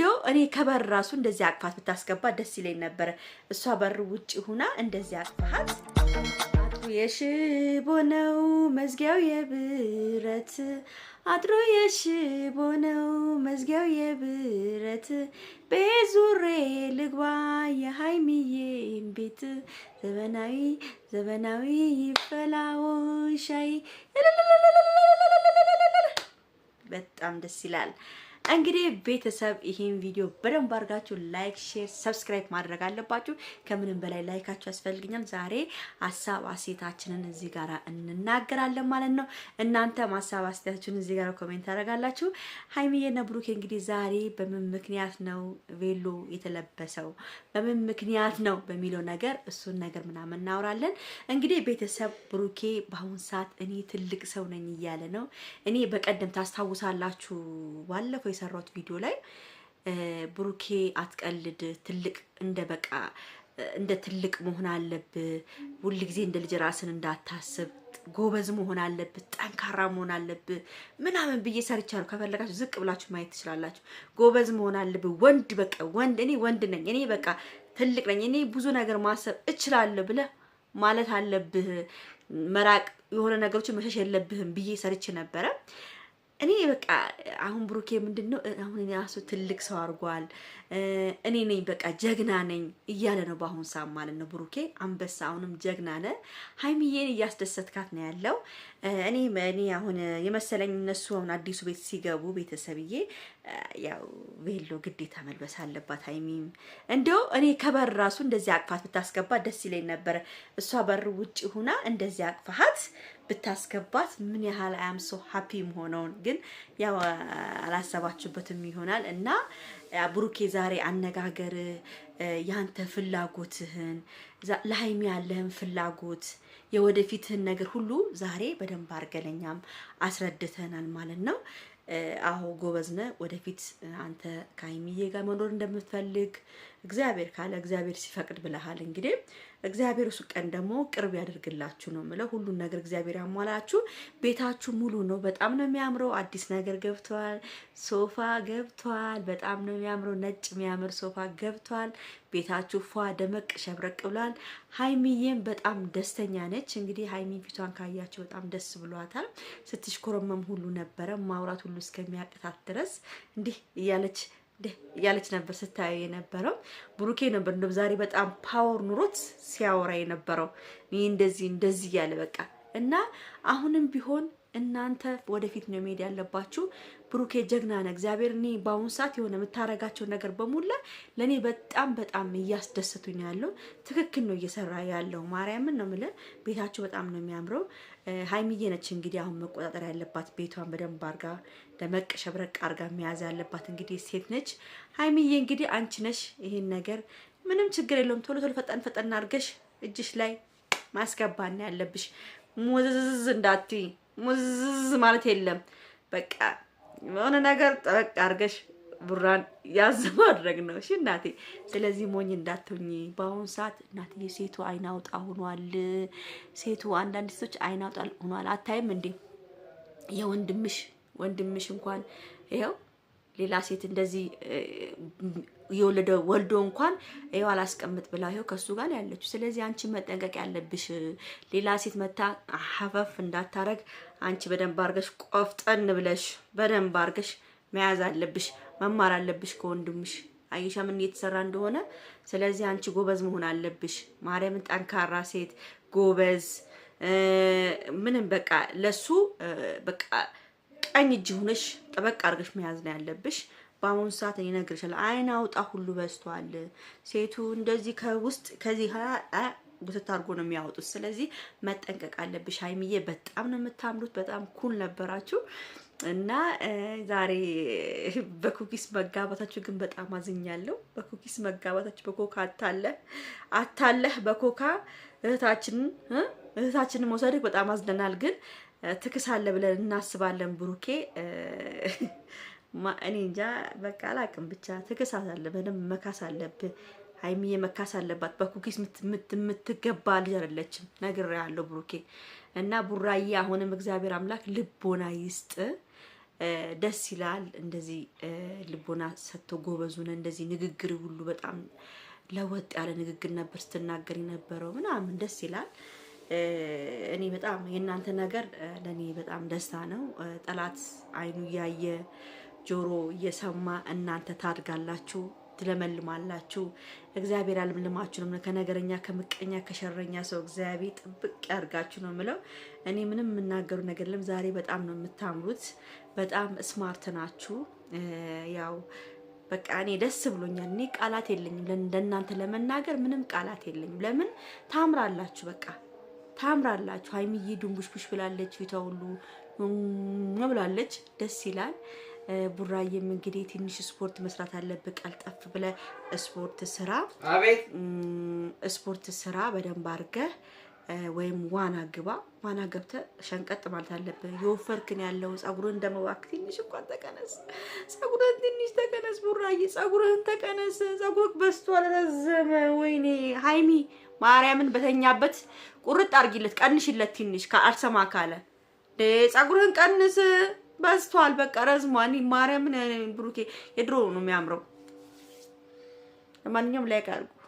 እንደው እኔ ከበር ራሱ እንደዚህ አቅፋት ብታስገባ ደስ ይለኝ ነበረ። እሷ በር ውጭ ሁና እንደዚህ አቅፋት። አጥሩ የሽቦ ነው መዝጊያው የብረት አጥሩ የሽቦ ነው መዝጊያው የብረት በዙሬ ልግባ የሀይሚዬን ቤት ዘመናዊ ዘመናዊ ይፈላው ሻይ በጣም ደስ ይላል። እንግዲህ ቤተሰብ ይሄን ቪዲዮ በደንብ አድርጋችሁ ላይክ፣ ሼር፣ ሰብስክራይብ ማድረግ አለባችሁ። ከምንም በላይ ላይካችሁ ያስፈልግኛል። ዛሬ ሀሳብ አሴታችንን እዚህ ጋር እንናገራለን ማለት ነው። እናንተ ሀሳብ አሴታችሁን እዚህ ጋር ኮሜንት ታደርጋላችሁ። ሀይሚዬና ብሩኬ እንግዲህ ዛሬ በምን ምክንያት ነው ቬሎ የተለበሰው በምን ምክንያት ነው በሚለው ነገር እሱን ነገር ምናምን እናወራለን። እንግዲህ ቤተሰብ ብሩኬ በአሁን ሰዓት እኔ ትልቅ ሰው ነኝ እያለ ነው። እኔ በቀደም ታስታውሳላችሁ ባለፈው ባለፈው የሰራሁት ቪዲዮ ላይ ብሩኬ አትቀልድ፣ ትልቅ እንደ በቃ እንደ ትልቅ መሆን አለብህ፣ ሁል ጊዜ እንደ ልጅ ራስን እንዳታስብ፣ ጎበዝ መሆን አለብህ፣ ጠንካራ መሆን አለብህ ምናምን ብዬ ሰርቻለሁ። ከፈለጋችሁ ዝቅ ብላችሁ ማየት ትችላላችሁ። ጎበዝ መሆን አለብህ፣ ወንድ በቃ ወንድ፣ እኔ ወንድ ነኝ፣ እኔ በቃ ትልቅ ነኝ፣ እኔ ብዙ ነገር ማሰብ እችላለሁ ብለህ ማለት አለብህ። መራቅ የሆነ ነገሮችን መሸሽ የለብህም ብዬ ሰርች ነበረ። እኔ በቃ አሁን ብሩኬ ምንድን ነው አሁን እኔ ራሱ ትልቅ ሰው አድርጓል፣ እኔ ነኝ በቃ ጀግና ነኝ እያለ ነው በአሁን ሰዓት ማለት ነው። ብሩኬ አንበሳ አሁንም ጀግና ነ ሀይሚዬን እያስደሰትካት ነው ያለው። እኔ እኔ አሁን የመሰለኝ እነሱ አሁን አዲሱ ቤት ሲገቡ ቤተሰብዬ ያው ቬሎ ግዴታ መልበስ አለባት ሀይሚም። እንደው እኔ ከበር ራሱ እንደዚህ አቅፋት ብታስገባ ደስ ይለኝ ነበረ። እሷ በር ውጭ ሁና እንደዚህ አቅፋሃት ብታስገባት ምን ያህል አያም ሀፒ መሆነውን ግን ያው አላሰባችሁበትም ይሆናል እና ብሩኬ ዛሬ አነጋገር ያንተ ፍላጎትህን ለሀይሚ ያለህን ፍላጎት የወደፊትህን ነገር ሁሉ ዛሬ በደንብ አርገለኛም አስረድተናል ማለት ነው። አሁ ጎበዝነ ወደፊት አንተ ከሀይሚዬ ጋር መኖር እንደምትፈልግ እግዚአብሔር ካለ እግዚአብሔር ሲፈቅድ ብለሃል እንግዲህ እግዚአብሔር እሱ ቀን ደግሞ ቅርብ ያደርግላችሁ ነው የምለው። ሁሉን ነገር እግዚአብሔር ያሟላችሁ። ቤታችሁ ሙሉ ነው። በጣም ነው የሚያምረው። አዲስ ነገር ገብቷል። ሶፋ ገብቷል። በጣም ነው የሚያምረው። ነጭ የሚያምር ሶፋ ገብቷል። ቤታችሁ ፏ ደመቅ ሸብረቅ ብሏል። ሀይሚዬም በጣም ደስተኛ ነች። እንግዲህ ሀይሚ ፊቷን ካያቸው በጣም ደስ ብሏታል። ስትሽኮረመም ሁሉ ነበረ ማውራት ሁሉ እስከሚያቅታት ድረስ እንዲህ እያለች እያለች ነበር ስታየው የነበረው። ብሩኬ ነበር እንደውም ዛሬ በጣም ፓወር ኑሮት ሲያወራ የነበረው ይህ እንደዚህ እንደዚህ እያለ በቃ እና አሁንም ቢሆን እናንተ ወደፊት ነው መሄድ ያለባችሁ። ብሩኬ ጀግና ነው። እግዚአብሔር እኔ በአሁኑ ሰዓት የሆነ የምታረጋቸው ነገር በሙላ ለእኔ በጣም በጣም እያስደሰቱኝ ያለው ትክክል ነው እየሰራ ያለው ማርያምን ነው የምልህ። ቤታችሁ በጣም ነው የሚያምረው። ሀይሚዬ ነች እንግዲህ አሁን መቆጣጠር ያለባት ቤቷን በደንብ አርጋ ደመቅ ሸብረቅ አርጋ መያዝ ያለባት እንግዲህ ሴት ነች። ሀይሚዬ እንግዲህ አንቺ ነሽ ይሄን ነገር ምንም ችግር የለውም። ቶሎ ቶሎ ፈጠን ፈጠን አርገሽ እጅሽ ላይ ማስገባና ያለብሽ ሙዝዝ እንዳትይ ሙዝዝ ማለት የለም። በቃ የሆነ ነገር ጠበቅ አርገሽ ቡራን ያዝ ማድረግ ነው። እሺ እናቴ፣ ስለዚህ ሞኝ እንዳትሆኝ። በአሁኑ ሰዓት እናትዬ ሴቱ አይናውጣ ሆኗል። ሴቱ አንዳንድ ሴቶች አይናውጣ ሆኗል። አታይም እንዴ? የወንድምሽ ወንድምሽ እንኳን ይኸው ሌላ ሴት እንደዚህ የወለደ ወልዶ እንኳን ይኸው አላስቀምጥ ብላ ይኸው ከሱ ጋር ያለችው። ስለዚህ አንቺ መጠንቀቅ ያለብሽ ሌላ ሴት መታ ሀፈፍ እንዳታረግ አንቺ በደንብ አርገሽ ቆፍጠን ብለሽ በደንብ አርገሽ መያዝ አለብሽ፣ መማር አለብሽ ከወንድምሽ አይሻ ምን እየተሰራ እንደሆነ። ስለዚህ አንቺ ጎበዝ መሆን አለብሽ። ማርያምን ጠንካራ ሴት ጎበዝ፣ ምንም በቃ ለሱ በቃ ቀኝ እጅ ሆነሽ ጠበቅ አድርገሽ መያዝ ነው ያለብሽ። በአሁኑ ሰዓት እኔ እነግርሻለሁ፣ አይን አውጣ ሁሉ በዝቷል። ሴቱ እንደዚህ ከውስጥ ከዚህ ጉትት አድርጎ ነው የሚያወጡት። ስለዚህ መጠንቀቅ አለብሽ ሀይሚዬ። በጣም ነው የምታምሩት። በጣም ኩል ነበራችሁ። እና ዛሬ በኩኪስ መጋባታችሁ ግን በጣም አዝኛለሁ። በኩኪስ መጋባታችሁ በኮካ አታለህ አታለህ በኮካ እህታችንን እህታችንን መውሰድህ በጣም አዝነናል። ግን ትክሳለ ብለን እናስባለን። ብሩኬ እኔ እንጃ በቃ አላቅም። ብቻ ትክስ ትክሳለ በደንብ መካስ አለብህ። ሀይሚዬ መካስ አለባት። በኩኪስ የምትገባ ልጅ አይደለችም። ነግሬሃለሁ ብሩኬ እና ቡራዬ አሁንም እግዚአብሔር አምላክ ልቦና ይስጥ። ደስ ይላል። እንደዚህ ልቦና ሰጥቶ ጎበዙን። እንደዚህ ንግግር ሁሉ በጣም ለወጥ ያለ ንግግር ነበር ስትናገር የነበረው ምናምን ደስ ይላል። እኔ በጣም የእናንተ ነገር ለእኔ በጣም ደስታ ነው። ጠላት አይኑ እያየ ጆሮ እየሰማ እናንተ ታድጋላችሁ። ትለመልማላችሁ። እግዚአብሔር ያልምልማችሁ ነው። ከነገረኛ ከምቀኛ ከሸረኛ ሰው እግዚአብሔር ጥብቅ ያርጋችሁ ነው የምለው። እኔ ምንም የምናገሩ ነገር የለም። ዛሬ በጣም ነው የምታምሩት። በጣም ስማርት ናችሁ። ያው በቃ እኔ ደስ ብሎኛል። እኔ ቃላት የለኝም ለእናንተ ለመናገር ምንም ቃላት የለኝም። ለምን ታምራላችሁ፣ በቃ ታምራላችሁ። ሀይሚዬ ድንቡሽቡሽ ብላለች፣ ፊቷ ሁሉ ብላለች። ደስ ይላል። ቡራዬም እንግዲህ ትንሽ ስፖርት መስራት አለብህ፣ ቀልጠፍ ብለህ ስፖርት ስራ፣ ስፖርት ስራ በደንብ አድርገህ ወይም ዋና ግባ። ዋና ገብተህ ሸንቀጥ ማለት አለብህ። የወፈርክን ያለው ጸጉርህን እንደመባክ ትንሽ እንኳን ተቀነስ፣ ጸጉርህን ትንሽ ተቀነስ። ቡራዬ ጸጉርህን ተቀነስ፣ ጸጉርህ በስቶ አልረዘመ። ወይኔ ሀይሚ ማርያምን በተኛበት ቁርጥ አድርጊለት፣ ቀንሽለት። ትንሽ አልሰማ ካለ ጸጉርህን ቀንስ። በዝቷል። በቃ ረዝሟን ማርያምን ብሩኬ የድሮ ነው የሚያምረው። ለማንኛውም ላይክ አድርጉ።